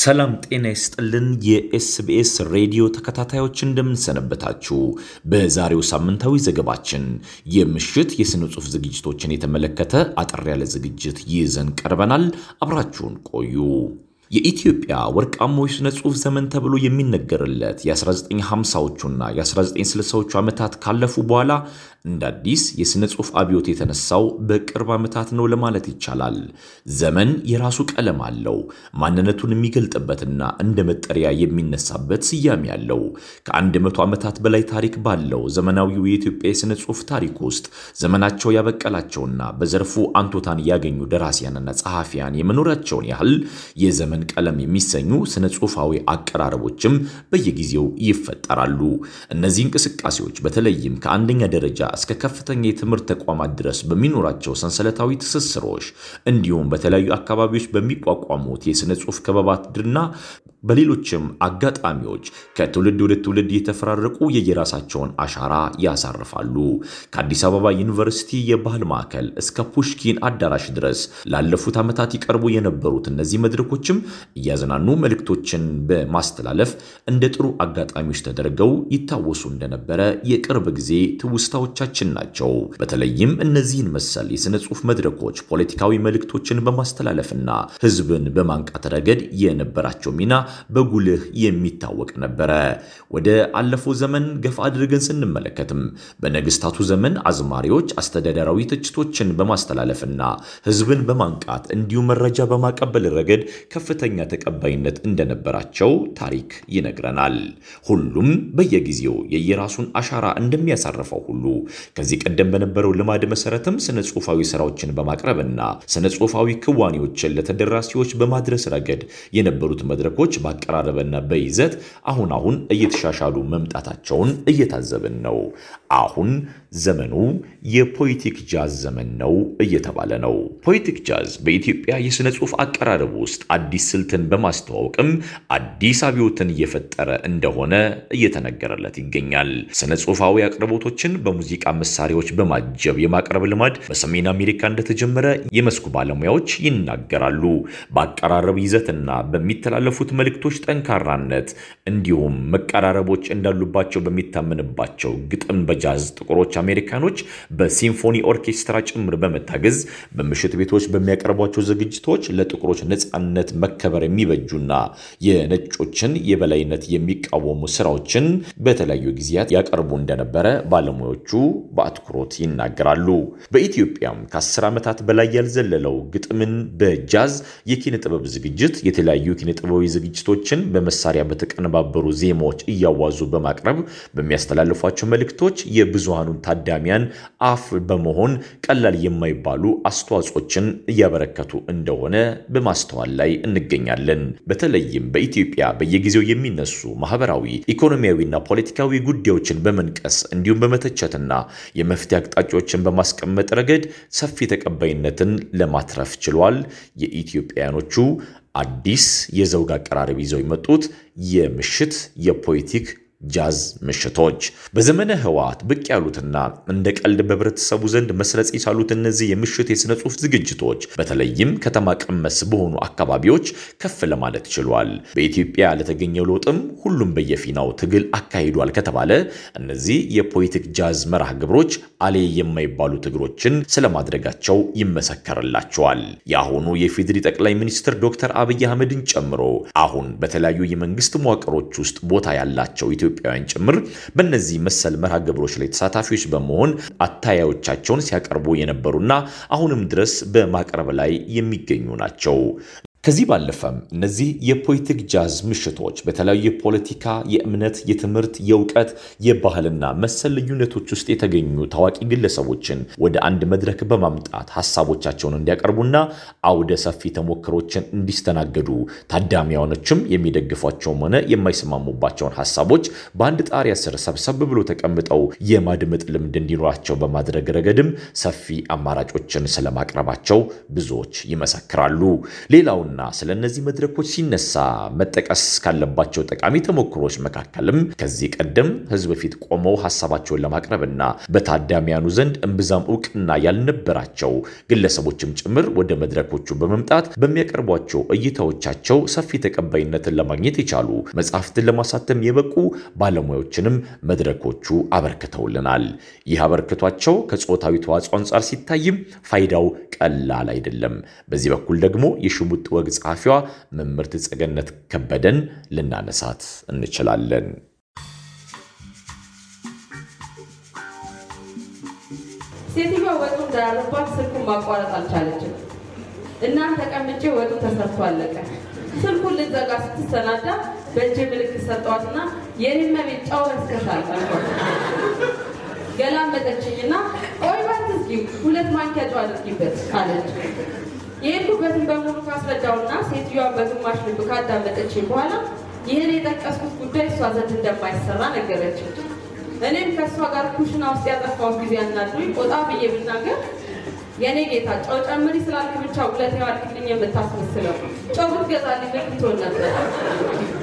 ሰላም ጤና ይስጥልን። የኤስቢኤስ ሬዲዮ ተከታታዮች እንደምንሰነበታችሁ። በዛሬው ሳምንታዊ ዘገባችን የምሽት የሥነ ጽሑፍ ዝግጅቶችን የተመለከተ አጠር ያለ ዝግጅት ይዘን ቀርበናል። አብራችሁን ቆዩ። የኢትዮጵያ ወርቃማው ስነ ጽሁፍ ዘመን ተብሎ የሚነገርለት የ1950ዎቹና የ1960ዎቹ ዓመታት ካለፉ በኋላ እንደ አዲስ የሥነ ጽሁፍ አብዮት የተነሳው በቅርብ ዓመታት ነው ለማለት ይቻላል። ዘመን የራሱ ቀለም አለው፣ ማንነቱን የሚገልጥበትና እንደ መጠሪያ የሚነሳበት ስያሜ አለው። ከ100 ዓመታት በላይ ታሪክ ባለው ዘመናዊው የኢትዮጵያ የሥነ ጽሁፍ ታሪክ ውስጥ ዘመናቸው ያበቀላቸውና በዘርፉ አንቶታን ያገኙ ደራሲያንና ጸሐፊያን የመኖራቸውን ያህል የዘመን ዘመን ቀለም የሚሰኙ ስነ ጽሁፋዊ አቀራረቦችም በየጊዜው ይፈጠራሉ። እነዚህ እንቅስቃሴዎች በተለይም ከአንደኛ ደረጃ እስከ ከፍተኛ የትምህርት ተቋማት ድረስ በሚኖራቸው ሰንሰለታዊ ትስስሮች እንዲሁም በተለያዩ አካባቢዎች በሚቋቋሙት ጽሁፍ ክበባት ክበባትና በሌሎችም አጋጣሚዎች ከትውልድ ወደ ትውልድ የተፈራረቁ የየራሳቸውን አሻራ ያሳርፋሉ። ከአዲስ አበባ ዩኒቨርሲቲ የባህል ማዕከል እስከ ፑሽኪን አዳራሽ ድረስ ላለፉት ዓመታት ይቀርቡ የነበሩት እነዚህ መድረኮችም እያዝናኑ መልእክቶችን በማስተላለፍ እንደ ጥሩ አጋጣሚዎች ተደርገው ይታወሱ እንደነበረ የቅርብ ጊዜ ትውስታዎቻችን ናቸው። በተለይም እነዚህን መሰል የሥነ ጽሑፍ መድረኮች ፖለቲካዊ መልእክቶችን በማስተላለፍና ሕዝብን በማንቃት ረገድ የነበራቸው ሚና በጉልህ የሚታወቅ ነበረ። ወደ አለፈው ዘመን ገፋ አድርገን ስንመለከትም በነገስታቱ ዘመን አዝማሪዎች አስተዳደራዊ ትችቶችን በማስተላለፍና ሕዝብን በማንቃት እንዲሁም መረጃ በማቀበል ረገድ ከፍ ከፍተኛ ተቀባይነት እንደነበራቸው ታሪክ ይነግረናል። ሁሉም በየጊዜው የየራሱን አሻራ እንደሚያሳርፈው ሁሉ ከዚህ ቀደም በነበረው ልማድ መሰረትም ስነ ጽሁፋዊ ስራዎችን በማቅረብና ስነ ጽሁፋዊ ክዋኔዎችን ለተደራሲዎች በማድረስ ረገድ የነበሩት መድረኮች በአቀራረብና በይዘት አሁን አሁን እየተሻሻሉ መምጣታቸውን እየታዘብን ነው። አሁን ዘመኑ የፖይቲክ ጃዝ ዘመን ነው እየተባለ ነው። ፖይቲክ ጃዝ በኢትዮጵያ የሥነ ጽሑፍ አቀራረብ ውስጥ አዲስ ስልትን በማስተዋወቅም አዲስ አብዮትን እየፈጠረ እንደሆነ እየተነገረለት ይገኛል። ስነ ጽሁፋዊ አቅርቦቶችን በሙዚቃ መሳሪያዎች በማጀብ የማቅረብ ልማድ በሰሜን አሜሪካ እንደተጀመረ የመስኩ ባለሙያዎች ይናገራሉ። በአቀራረብ ይዘትና በሚተላለፉት መልእክቶች ጠንካራነት እንዲሁም መቀራረቦች እንዳሉባቸው በሚታመንባቸው ግጥም በጃዝ ጥቁሮች አሜሪካኖች በሲምፎኒ ኦርኬስትራ ጭምር በመታገዝ በምሽት ቤቶች በሚያቀርቧቸው ዝግጅቶች ለጥቁሮች ነፃነት መ ለመከበር የሚበጁና የነጮችን የበላይነት የሚቃወሙ ስራዎችን በተለያዩ ጊዜያት ያቀርቡ እንደነበረ ባለሙያዎቹ በአትኩሮት ይናገራሉ። በኢትዮጵያም ከአስር ዓመታት በላይ ያልዘለለው ግጥምን በጃዝ የኪነ ጥበብ ዝግጅት የተለያዩ ኪነ ጥበባዊ ዝግጅቶችን በመሳሪያ በተቀነባበሩ ዜማዎች እያዋዙ በማቅረብ በሚያስተላልፏቸው መልእክቶች የብዙሃኑን ታዳሚያን አፍ በመሆን ቀላል የማይባሉ አስተዋጽኦችን እያበረከቱ እንደሆነ በማስተዋል ላይ እንገ እንገኛለን። በተለይም በኢትዮጵያ በየጊዜው የሚነሱ ማህበራዊ፣ ኢኮኖሚያዊና ፖለቲካዊ ጉዳዮችን በመንቀስ እንዲሁም በመተቸትና የመፍትሄ አቅጣጫዎችን በማስቀመጥ ረገድ ሰፊ ተቀባይነትን ለማትረፍ ችሏል። የኢትዮጵያውያኖቹ አዲስ የዘውግ አቀራረብ ይዘው የመጡት የምሽት የፖለቲክ ጃዝ ምሽቶች በዘመነ ህወሓት ብቅ ያሉትና እንደ ቀልድ በህብረተሰቡ ዘንድ መስረጽ የቻሉት እነዚህ የምሽት የሥነ ጽሑፍ ዝግጅቶች በተለይም ከተማ ቀመስ በሆኑ አካባቢዎች ከፍ ለማለት ችሏል። በኢትዮጵያ ለተገኘው ለውጥም ሁሉም በየፊናው ትግል አካሂዷል ከተባለ እነዚህ የፖለቲክ ጃዝ መርሃ ግብሮች አሌ የማይባሉ ትግሮችን ስለማድረጋቸው ይመሰከርላቸዋል። የአሁኑ የፌዴሪ ጠቅላይ ሚኒስትር ዶክተር አብይ አህመድን ጨምሮ አሁን በተለያዩ የመንግስት መዋቅሮች ውስጥ ቦታ ያላቸው ኢትዮጵያውያን ጭምር በእነዚህ መሰል መርሃ ግብሮች ላይ ተሳታፊዎች በመሆን አታያዮቻቸውን ሲያቀርቡ የነበሩና አሁንም ድረስ በማቅረብ ላይ የሚገኙ ናቸው። ከዚህ ባለፈም እነዚህ የፖለቲክ ጃዝ ምሽቶች በተለያዩ የፖለቲካ፣ የእምነት፣ የትምህርት፣ የእውቀት፣ የባህልና መሰል ልዩነቶች ውስጥ የተገኙ ታዋቂ ግለሰቦችን ወደ አንድ መድረክ በማምጣት ሀሳቦቻቸውን እንዲያቀርቡና አውደ ሰፊ ተሞክሮችን እንዲስተናገዱ ታዳሚያኖችም የሚደግፏቸውም ሆነ የማይስማሙባቸውን ሀሳቦች በአንድ ጣሪያ ስር ሰብሰብ ብሎ ተቀምጠው የማድመጥ ልምድ እንዲኖራቸው በማድረግ ረገድም ሰፊ አማራጮችን ስለማቅረባቸው ብዙዎች ይመሰክራሉ። ሌላው ነውና ስለ እነዚህ መድረኮች ሲነሳ መጠቀስ ካለባቸው ጠቃሚ ተሞክሮች መካከልም ከዚህ ቀደም ህዝብ ፊት ቆመው ሀሳባቸውን ለማቅረብና በታዳሚያኑ ዘንድ እምብዛም እውቅና ያልነበራቸው ግለሰቦችም ጭምር ወደ መድረኮቹ በመምጣት በሚያቀርቧቸው እይታዎቻቸው ሰፊ ተቀባይነትን ለማግኘት የቻሉ መጽሐፍትን ለማሳተም የበቁ ባለሙያዎችንም መድረኮቹ አበርክተውልናል። ይህ አበርክቷቸው ከጾታዊ ተዋጽኦ አንጻር ሲታይም ፋይዳው ቀላል አይደለም። በዚህ በኩል ደግሞ የሽሙጥ ወግ ጸሐፊዋ መምህርት ጸገነት ከበደን ልናነሳት እንችላለን። ሴትዮዋ ወጡ እንዳያልባት ስልኩን ማቋረጥ አልቻለችም እና ተቀምጬ ወጡ ተሰርቶ አለቀ። ስልኩን ልዘጋ ስትሰናዳ በእጅ ምልክት ሰጠዋትና የኔመ ቤት ጫው መስከታል ገላመጠችኝና ቆይ ባትዝጊው ሁለት ማንኪያ ጨው አድርጊበት አለች። የሄድኩበትን በሙሉ ካስረዳውና ሴትዮዋን በግማሽ ልብ ካዳመጠች በኋላ ይህን የጠቀስኩት ጉዳይ እሷ ዘንድ እንደማይሰራ ነገረችው። እኔም ከእሷ ጋር ኩሽና ውስጥ ያጠፋሁት ጊዜ አናድሮኝ ቆጣ ብዬ ብናገር የእኔ ጌታ ጨው ጨምሪ ስላልክ ብቻ ሁለት ዋልክልኝ የምታስመስለው ጨው ብትገዛልኝ ልክ ነበር።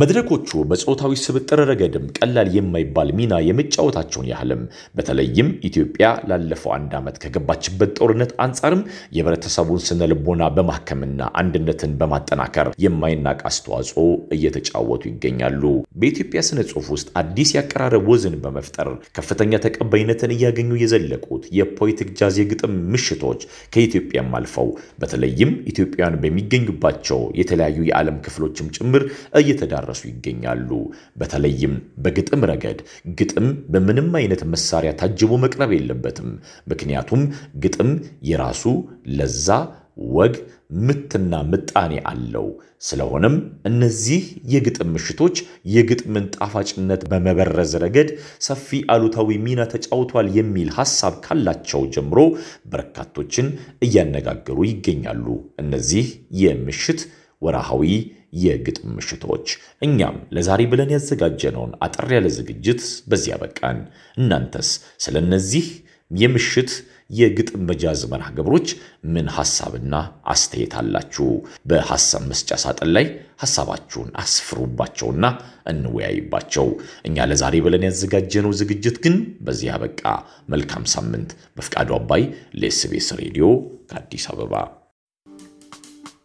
መድረኮቹ በጾታዊ ስብጥር ረገድም ቀላል የማይባል ሚና የመጫወታቸውን ያህልም በተለይም ኢትዮጵያ ላለፈው አንድ ዓመት ከገባችበት ጦርነት አንጻርም የህብረተሰቡን ስነ ልቦና በማከምና አንድነትን በማጠናከር የማይናቅ አስተዋጽኦ እየተጫወቱ ይገኛሉ። በኢትዮጵያ ስነ ጽሁፍ ውስጥ አዲስ ያቀራረብ ወዝን በመፍጠር ከፍተኛ ተቀባይነትን እያገኙ የዘለቁት የፖለቲክ ጃዝ የግጥም ምሽቶች ከኢትዮጵያም አልፈው በተለይም ኢትዮጵያውያን በሚገኙባቸው የተለያዩ የዓለም ክፍሎችም ጭምር እየተዳ እየተዳረሱ ይገኛሉ። በተለይም በግጥም ረገድ ግጥም በምንም አይነት መሳሪያ ታጅቦ መቅረብ የለበትም። ምክንያቱም ግጥም የራሱ ለዛ ወግ ምትና ምጣኔ አለው። ስለሆነም እነዚህ የግጥም ምሽቶች የግጥምን ጣፋጭነት በመበረዝ ረገድ ሰፊ አሉታዊ ሚና ተጫውቷል የሚል ሀሳብ ካላቸው ጀምሮ በርካቶችን እያነጋገሩ ይገኛሉ። እነዚህ የምሽት ወርሃዊ የግጥም ምሽቶች። እኛም ለዛሬ ብለን ያዘጋጀነውን አጠር ያለ ዝግጅት በዚያ በቃን። እናንተስ ስለ እነዚህ የምሽት የግጥም መጃዝ መርሃ ግብሮች ምን ሐሳብና አስተያየት አላችሁ? በሐሳብ መስጫ ሳጥን ላይ ሐሳባችሁን አስፍሩባቸውና እንወያይባቸው። እኛ ለዛሬ ብለን ያዘጋጀነው ዝግጅት ግን በዚህ አበቃ። መልካም ሳምንት። በፍቃዱ አባይ ለኤስቢኤስ ሬዲዮ ከአዲስ አበባ